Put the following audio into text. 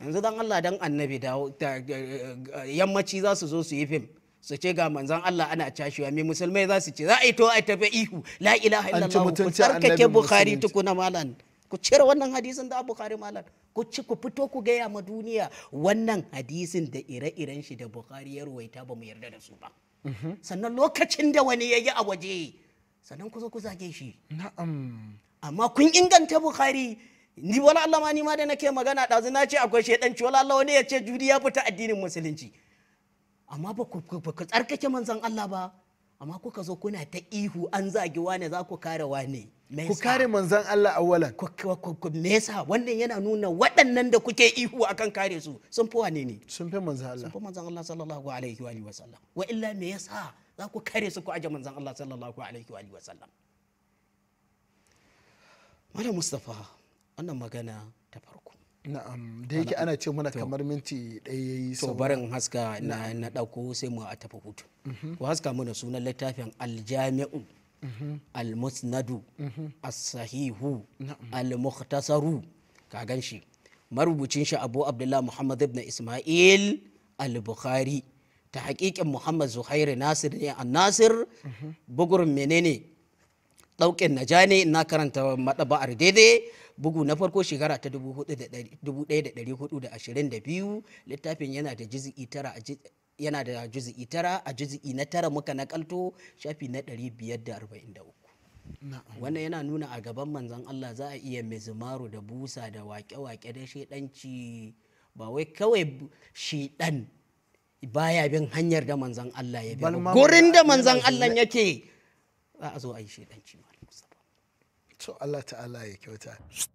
yanzu dan Allah dan annabi dawo yammaci za su zo su yi fim su ce ga manzan Allah ana cashewa mai musulmai za su ce za a yi to a tafi ihu la ilaha illallah ku tsarkake bukhari tukuna malan ku cire wannan hadisin da bukhari malan ku ci ku fito ku gaya ma duniya wannan hadisin da ire-iren shi da bukhari ya ruwaita ba mu yarda da su ba mhm. sannan lokacin da wani ya yi a waje sannan ku zo ku zage shi na'am amma kun inganta bukhari ni wala Allah ma ni ma da nake magana ɗazu na ce akwai ci. wala Allah wani ya ce judi ya fita addinin musulunci amma ba ku tsarkake manzon Allah ba amma kuka zo kuna ta ihu an zagi wane za ku kare wane ku kare manzan Allah ku me yasa wannan yana nuna waɗannan da kuke ihu akan kare su sun fi wane ne sun fi manzan Allah sun fi manzan Allah sallallahu alaihi wa alihi wa sallam wa illa me yasa za ku kare su ku aje manzan Allah sallallahu alaihi wa alihi wa sallam Malam Mustafa wannan magana ta farko na'am da yake ana ce mana kamar minti ɗaya yayi to barin haska na dauko sai mu a tafi hutu mhm. ku haska mana sunan littafin aljami'u mhm. almusnadu mhm. as-sahihu al-mukhtasaru ka ganshi marubucin shi abu Abdullah muhammad ibn isma'il al-bukhari ta haƙiƙin muhammad zuhairu nasir ne a nasir bugurin menene ɗauƙin najane na karanta maɗaba'ar daidai bugu na farko shekara ta 1422 littafin yana da juzi'i tara yana da juzi'i tara a juzi'i na tara muka nakalto shafi na 543 wannan yana nuna a gaban manzan Allah za a iya mizimaru da busa da wake-wake da shaidanci ba wai kawai shaidan baya bin hanyar da manzan Allah ya bi gurin da manzan Allah yake za a zo a yi shaidanci to Allah ta'ala ya kyauta